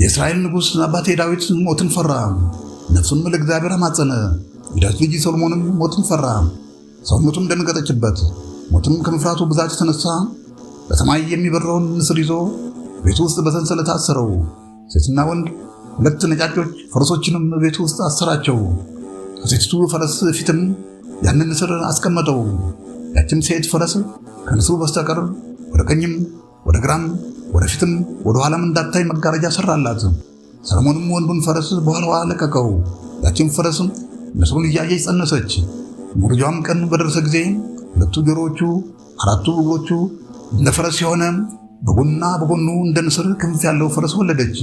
የእስራኤል ንጉሥ አባቴ ዳዊት ሞትን ፈራ፣ ነፍሱንም ለእግዚአብሔር አማጸነ። የዳዊት ልጅ ሰሎሞንም ሞትን ፈራ፣ ሰውነቱም ደንገጠችበት። ሞትም ከመፍራቱ ብዛት የተነሳ በሰማይ የሚበረውን ንስር ይዞ ቤቱ ውስጥ በሰንሰለት አሰረው። ሴትና ወንድ ሁለት ነጫጮች ፈረሶችንም ቤቱ ውስጥ አሰራቸው። ከሴቲቱ ፈረስ ፊትም ያንን ንስር አስቀመጠው። ያችም ሴት ፈረስ ከንስሩ በስተቀር ወደ ቀኝም ወደ ግራም ወደፊትም ወደኋላም እንዳታይ መጋረጃ ሰራላት። ሰለሞንም ወንዱን ፈረስ በኋላዋ ለቀቀው። ያችን ፈረስም ንስሩን እያየች ጸነሰች። ሙርጃም ቀን በደረሰ ጊዜ ሁለቱ ጆሮዎቹ፣ አራቱ እግሮቹ እንደ ፈረስ የሆነ በጎንና በጎኑ እንደ ንስር ክንፍ ያለው ፈረስ ወለደች።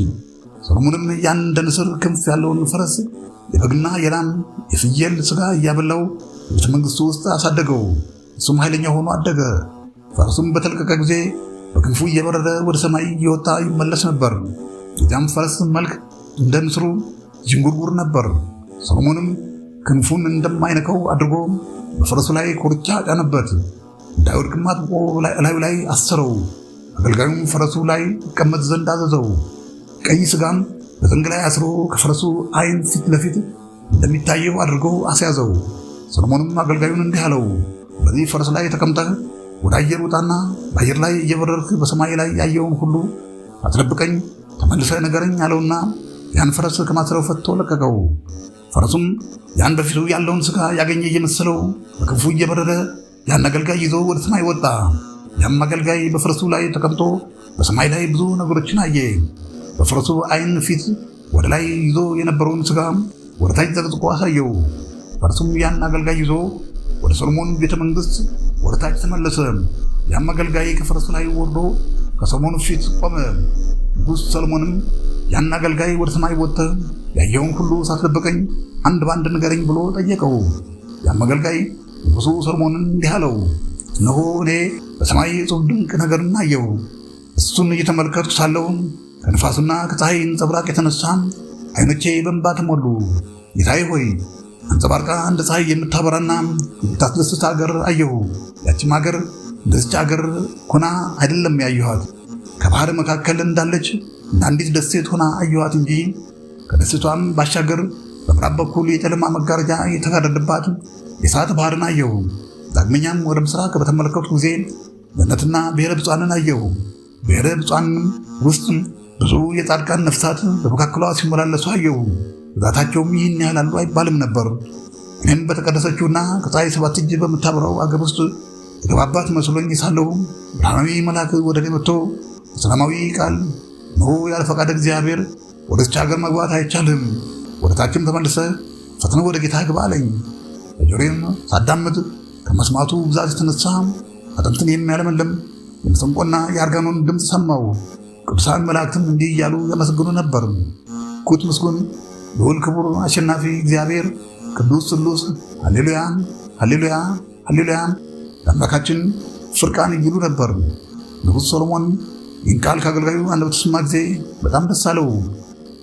ሰሎሞንም ያን እንደ ንስር ክንፍ ያለውን ፈረስ የበግና የላም የፍየል ስጋ እያበላው ቤተ መንግሥቱ ውስጥ አሳደገው። እሱም ኃይለኛ ሆኖ አደገ። ፈረሱም በተለቀቀ ጊዜ በክንፉ እየበረረ ወደ ሰማይ እየወጣ ይመለስ ነበር። የዚያም ፈረስ መልክ እንደ ንስሩ ዥንጉርጉር ነበር። ሰሎሞንም ክንፉን እንደማይነከው አድርጎ በፈረሱ ላይ ኮርቻ ጫነበት፣ እንዳይወድቅም አጥብቆ ላዩ ላይ አሰረው። አገልጋዩም ፈረሱ ላይ ይቀመጥ ዘንድ አዘዘው። ቀይ ስጋም በዘንግ ላይ አስሮ ከፈረሱ ዓይን ፊት ለፊት እንደሚታየው አድርጎ አስያዘው። ሰሎሞንም አገልጋዩን እንዲህ አለው፣ በዚህ ፈረስ ላይ ተቀምጠህ ወደ አየር ውጣና በአየር ላይ እየበረርክ በሰማይ ላይ ያየውን ሁሉ አትደብቀኝ፣ ተመልሰ ንገረኝ አለውና ያን ፈረስ ከማሰሪያው ፈትቶ ለቀቀው። ፈረሱም ያን በፊቱ ያለውን ስጋ ያገኘ እየመሰለው በክንፉ እየበረረ ያን አገልጋይ ይዞ ወደ ሰማይ ወጣ። ያም አገልጋይ በፈረሱ ላይ ተቀምጦ በሰማይ ላይ ብዙ ነገሮችን አየ። በፈረሱ አይን ፊት ወደ ላይ ይዞ የነበረውን ስጋ ወደ ታች ዘቅዝቆ አሳየው። ፈረሱም ያን አገልጋይ ይዞ ወደ ሰሎሞን ቤተ ወደታች ተመለሰ። ያም አገልጋይ ከፈረሱ ላይ ወርዶ ከሰሞኑ ፊት ቆመ። ንጉሥ ሰሎሞንም ያን አገልጋይ ወደ ሰማይ ወጥተህ ያየውን ሁሉ ሳትደብቀኝ አንድ በአንድ ንገረኝ ብሎ ጠየቀው። ያም አገልጋይ ንጉሡ ሰሎሞንን እንዲህ አለው፣ እነሆ እኔ በሰማይ እጹብ ድንቅ ነገር እናየው። እሱን እየተመለከቱ ሳለሁ ከንፋሱና ከፀሐይ ነጸብራቅ የተነሳ ዓይኖቼ በእንባ ተሞሉ። ጌታዬ ሆይ አንጸባርቃ እንደ ፀሐይ የምታበራና የምታስደስት ሀገር አየሁ። ያችም ሀገር እንደዚች ሀገር ሆና አይደለም ያየኋት፣ ከባህር መካከል እንዳለች እንዳንዲት ደሴት ሆና አየኋት እንጂ ከደሴቷም ባሻገር በምዕራብ በኩል የጨለማ መጋረጃ የተጋረደባት የእሳት ባህርን አየሁ። ዳግመኛም ወደ ምስራቅ በተመለከቱ ጊዜ ገነትና ብሔረ ብፁዓንን አየሁ። ብሔረ ብፁዓንም ውስጥ ብዙ የጻድቃን ነፍሳት በመካከሏ ሲመላለሱ አየሁ። ብዛታቸውም ይህን ያህል አሉ አይባልም ነበር። ይህን በተቀደሰችውና ከፀሐይ ሰባት እጅ በምታበራው አገር ውስጥ የገባባት መስሎኝ ሳለሁ ብርሃናዊ መልአክ ወደ እኔ መጥቶ በሰላማዊ ቃል ኑ ያለ ፈቃድ እግዚአብሔር ወደዚች ሀገር መግባት አይቻልም፣ ወደ ታችም ተመልሰ ፈጥነ ወደ ጌታ ግባ አለኝ። በጆሬም ሳዳምጥ ከመስማቱ ብዛት የተነሳ አጥንትን የሚያለመልም የመሰንቆና የአርጋኖን ድምፅ ሰማው። ቅዱሳን መላእክትም እንዲህ እያሉ ያመሰግኑ ነበር። ኩት ምስጉን ልዑል ክቡር አሸናፊ እግዚአብሔር ቅዱስ ስሉስ ሃሌሉያ ሃሌሉያ ሃሌሉያ ለአምላካችን ፍርቃን ይሉ ነበር። ንጉሥ ሶሎሞን ይህን ቃል ከአገልጋዩ አንደበት በተሰማ ጊዜ በጣም ደስ አለው።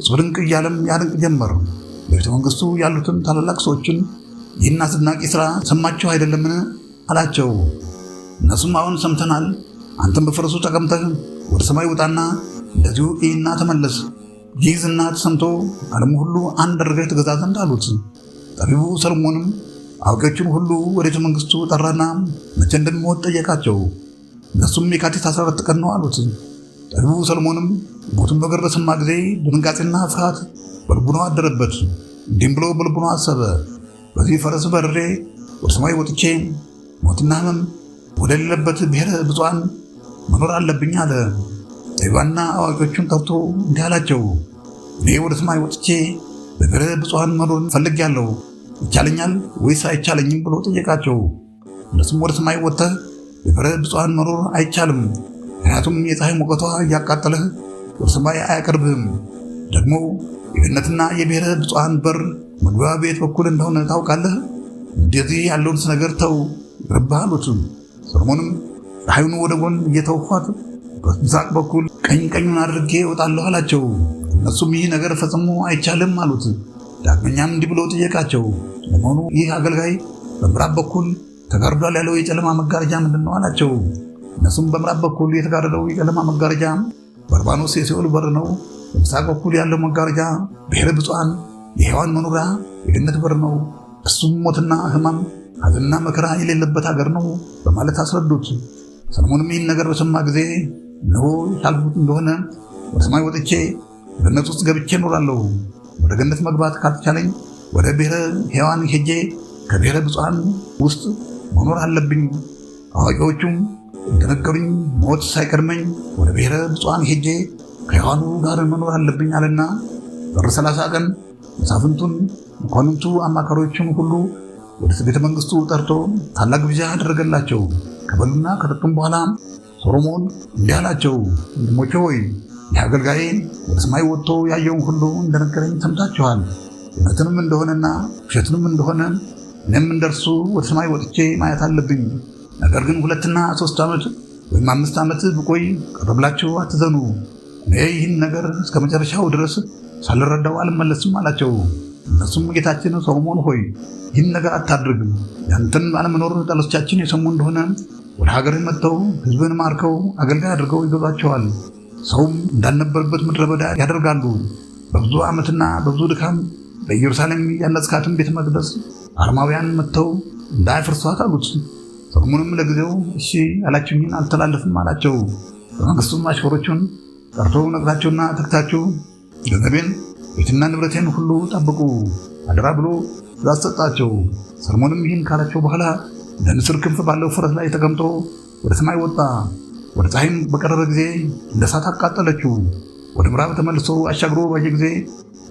እጹብ ድንቅ እያለም ያደንቅ ጀመር። በቤተ መንግሥቱ ያሉትን ታላላቅ ሰዎችን ይህን አስደናቂ ሥራ ሰማችሁ አይደለምን አላቸው። እነሱም አሁን ሰምተናል፣ አንተም በፈረሱ ተቀምጠህ ወደ ሰማይ ውጣና እንደዚሁ እና ተመለስ ይህ ዝናት ሰምቶ ዓለም ሁሉ አንድ አድርገሽ ትገዛ ዘንድ አሉት። ጠቢቡ ሰሎሞንም አዋቂዎችን ሁሉ ወደ ቤተ መንግስቱ ጠራና መቼ እንድንሞት ጠየቃቸው። እነሱም የካቲት 14 ቀን ነው አሉት። ጠቢቡ ሰሎሞንም ሞቱን በገረሰማ ጊዜ ድንጋጤና ፍርሃት በልቡኖ አደረበት። እንዲህም ብሎ በልቡኖ አሰበ፣ በዚህ ፈረስ በርሬ ወደ ሰማይ ወጥቼ ሞትና ህመም ወደሌለበት ብሔረ ብፁዓን መኖር አለብኝ አለ። ጠቢባንና አዋቂዎቹን ጠርቶ እንዲህ አላቸው፣ እኔ ወደ ሰማይ ወጥቼ በብረ ብፁዓን መኖር ፈልጌያለሁ፣ ይቻለኛል ወይስ አይቻለኝም ብሎ ጠየቃቸው። እነሱም ወደ ሰማይ ወጥተህ በብረ ብፁዓን መኖር አይቻልም፣ ምክንያቱም የፀሐይ ሙቀቷ እያቃጠለህ ወደ ሰማይ አያቀርብህም፣ ደግሞ የገነትና የብሔረ ብፁዓን በር መግቢያ ቤት በኩል እንደሆነ ታውቃለህ። እንደዚህ ያለውን ነገር ተው ረባሃሎቹ። ሰሎሞንም ፀሐዩን ወደ ጎን እየተውኳት በምስራቅ በኩል ቀኝ ቀኙን አድርጌ እወጣለሁ አላቸው። እነሱም ይህ ነገር ፈጽሞ አይቻልም አሉት። ዳግመኛም እንዲህ ብለው ጠየቃቸው፣ ለመሆኑ ይህ አገልጋይ በምዕራብ በኩል ተጋርዷል ያለው የጨለማ መጋረጃ ምንድን ነው አላቸው። እነሱም በምዕራብ በኩል የተጋረደው የጨለማ መጋረጃ በርባኖስ የሲኦል በር ነው። በምስራቅ በኩል ያለው መጋረጃ ብሔረ ብፁዓን የሔዋን መኖሪያ የገነት በር ነው። እሱም ሞትና ሕማም ሐዘንና መከራ የሌለበት ሀገር ነው በማለት አስረዱት። ሰለሞንም ይህን ነገር በሰማ ጊዜ እነሆ ያልሁት እንደሆነ ወደ ሰማይ ወጥቼ ገነት ውስጥ ገብቼ እኖራለሁ። ወደ ገነት መግባት ካልተቻለኝ ወደ ብሔረ ሔዋን ሄጄ ከብሔረ ብፁዓን ውስጥ መኖር አለብኝ። አዋቂዎቹም እንደነገሩኝ ሞት ሳይቀድመኝ ወደ ብሔረ ብፁዓን ሄጄ ከሔዋኑ ጋር መኖር አለብኝ አለና ጥር ሰላሳ ቀን መሳፍንቱን፣ መኳንንቱ፣ አማካሪዎቹን ሁሉ ወደ ቤተ መንግስቱ ጠርቶ ታላቅ ግብዣ አደረገላቸው። ከበሉና ከጠጡም በኋላ ሶሎሞን እንዲህ አላቸው፣ ወንድሞቼ ሆይ የአገልጋይን ወደ ሰማይ ወጥቶ ያየውን ሁሉ እንደነገረኝ ሰምታችኋል። እውነትንም እንደሆነና ውሸትንም እንደሆነ እኔም እንደርሱ ወደ ሰማይ ወጥቼ ማየት አለብኝ። ነገር ግን ሁለትና ሶስት ዓመት ወይም አምስት ዓመት ብቆይ ቀረ ብላችሁ አትዘኑ። እኔ ይህን ነገር እስከ መጨረሻው ድረስ ሳልረዳው አልመለስም አላቸው። እነሱም ጌታችን ሶሎሞን ሆይ ይህን ነገር አታድርግም፣ ያንተን አለመኖር ጠላቶቻችን የሰሙ እንደሆነ ወደ ሀገርን መጥተው ህዝብን ማርከው አገልጋይ አድርገው ይገዟቸዋል። ሰውም እንዳልነበርበት ምድረ በዳ ያደርጋሉ። በብዙ ዓመትና በብዙ ድካም በኢየሩሳሌም ያነጽካትን ቤተ መቅደስ አርማውያን መጥተው እንዳያፈርሷት አሉት። ሰሎሞንም ለጊዜው እሺ ያላችሁኝን አልተላለፍም አላቸው። በመንግስቱም አሽከሮቹን ጠርቶ ነግራቸውና ተክታችሁ ገንዘቤን፣ ቤትና ንብረቴን ሁሉ ጠብቁ አደራ ብሎ ዛሰጣቸው። ሰጣቸው። ሰሎሞንም ይህን ካላቸው በኋላ ለንስር ክንፍ ባለው ፈረስ ላይ ተቀምጦ ወደ ሰማይ ወጣ። ወደ ፀሐይም በቀረበ ጊዜ እንደ እሳት አቃጠለችው። ወደ ምዕራብ ተመልሶ አሻግሮ ባየ ጊዜ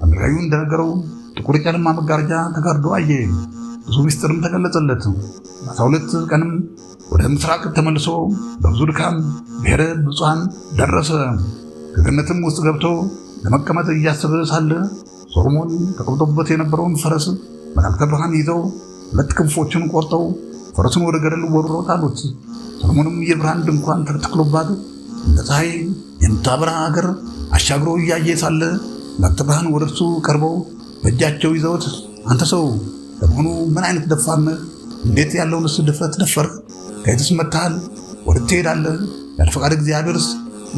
አድራጊው እንደነገረው ጥቁር ጨለማ መጋረጃ ተጋርዶ አየ። ብዙ ምስጢርም ተገለጸለት። በአስራ ሁለት ቀንም ወደ ምስራቅ ተመልሶ በብዙ ድካም ብሔረ ብፁሐን ደረሰ። ከገነትም ውስጥ ገብቶ ለመቀመጥ እያሰበ ሳለ ሶሎሞን ተቀምጦበት የነበረውን ፈረስ መላእክተ ብርሃን ይዘው ሁለት ክንፎችን ቆርጠው ፈረሱን ወደ ገደል ወርውረው ጣሉት። ሰሎሞንም የብርሃን ድንኳን ተተክሎባት እንደ ፀሐይ የምታበራ ሀገር አሻግሮ እያየ ሳለ መላክተ ብርሃን ወደ እርሱ ቀርበው በእጃቸው ይዘውት አንተ ሰው ለመሆኑ ምን አይነት ደፋር እንዴት ያለውንስ ድፍረት ደፈርህ? ከየትስ መጥተሃል? ወደ ትሄዳለህ? ያለ እግዚአብሔርስ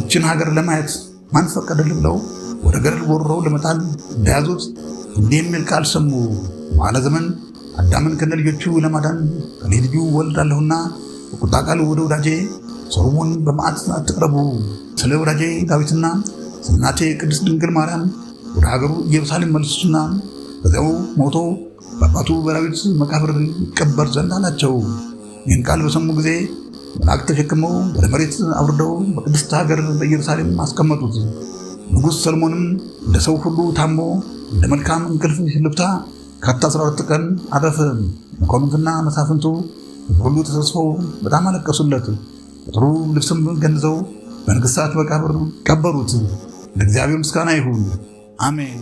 ይችን ሀገር ለማየት ማን ፈቀደልህ? ብለው ወደ ገደል ወርውረው ለመጣል እንደያዙት እንዲህ የሚል ቃል ሰሙ። ማለ ዘመን አዳምን ከነ ልጆቹ ለማዳን ከኔ ልጁ ወልዳለሁና በቁጣ ቃል ወደ ወዳጄ ሰሎሞን በመዓት አትቅረቡ። ስለ ወዳጄ ዳዊትና ስለ እናቴ ቅድስት ድንግል ማርያም ወደ ሀገሩ ኢየሩሳሌም መልሱና በዚያው ሞቶ በአባቱ በዳዊት መቃብር ይቀበር ዘንድ አላቸው። ይህን ቃል በሰሙ ጊዜ መልአክ ተሸክመው ወደ መሬት አውርደው በቅድስት ሀገር በኢየሩሳሌም አስቀመጡት። ንጉሥ ሰሎሞንም እንደ ሰው ሁሉ ታሞ እንደ መልካም እንቅልፍ ልብታ ። ከአታ 14 ቀን አረፈ። መኳንንቱና መሳፍንቱ ሁሉ ተሰብስበው በጣም አለቀሱለት። ጥሩ ልብስም ገንዘው በንግሥት መቃብር ቀበሩት። ለእግዚአብሔር ምስጋና ይሁን፣ አሜን።